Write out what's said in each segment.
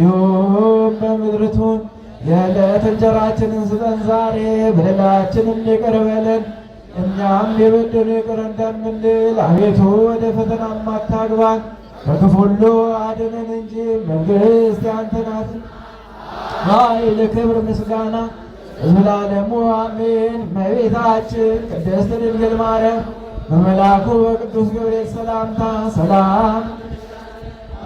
እንዲሁም በምድርቱን የዕለት እንጀራችንን ስጠን ዛሬ፣ በደላችንን ይቅር በለን እኛም የበደሉ ይቅር እንደምንል፣ አቤቱ ወደ ፈተና አታግባን ከክፉ ሁሉ አድነን እንጂ መንግሥት ያንተ ናት፣ ኃይል፣ ክብር፣ ምስጋና ለዘላለሙ አሜን። እመቤታችን ቅድስት ድንግል ማርያም በመልአኩ በቅዱስ ገብርኤል ሰላምታ ሰላም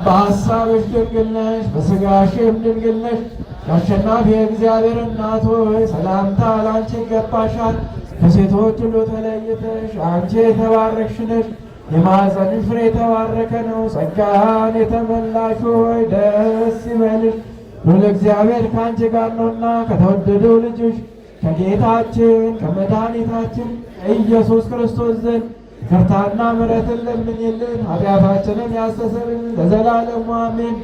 በሀሳብሽ ድንግል ነሽ፣ በሥጋሽም ድንግል ነሽ። የአሸናፊ እግዚአብሔር እናት ሆይ ሰላምታ ላንቺ ይገባሻል። ከሴቶች ሁሉ ተለይተሽ አንቺ የተባረክሽ ነሽ። የማኅፀንሽ ፍሬ የተባረከ ነው። ጸጋን የተመላሽ ሆይ ደስ ይበልሽ፣ ሉል እግዚአብሔር ከአንቺ ጋር ነውና ከተወደዱ ልጆች ከጌታችን ከመድኃኒታችን ኢየሱስ ክርስቶስ ዘንድ ይቅርታና ምረትን ለምንልን ኃጢአታችንን ያስተሰርይልን ለዘላለሙ አሜን።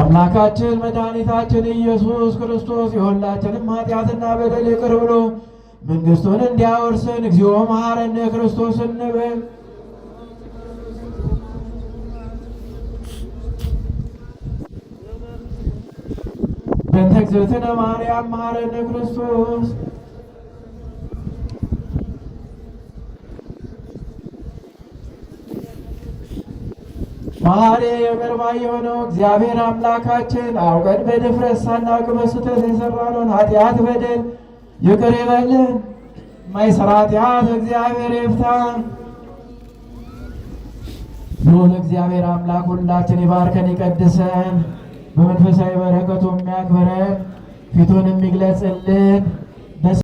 አምላካችን መድኃኒታችን ኢየሱስ ክርስቶስ የሁላችንም ኃጢአትና በደል ይቅር ብሎ መንግሥቱን እንዲያወርስን እግዚኦ መሐረነ ክርስቶስ እንበል። በእንተ እግዝእትነ ማርያም መሐረነ ክርስቶስ መሐሪ በርባይ የሆነው እግዚአብሔር አምላካችን አውቀን በድፍረት ሳናውቅ በስተት የሰራነውን ኃጢአት በደል ይቅር ይበልን። ማይሰራ ኃጢአት እግዚአብሔር ይፍታ። ይሁን እግዚአብሔር አምላክ ሁላችን ይባርከን፣ ይቀድሰን፣ በመንፈሳዊ በረከቱ የሚያክብረን ፊቱን የሚግለጽልን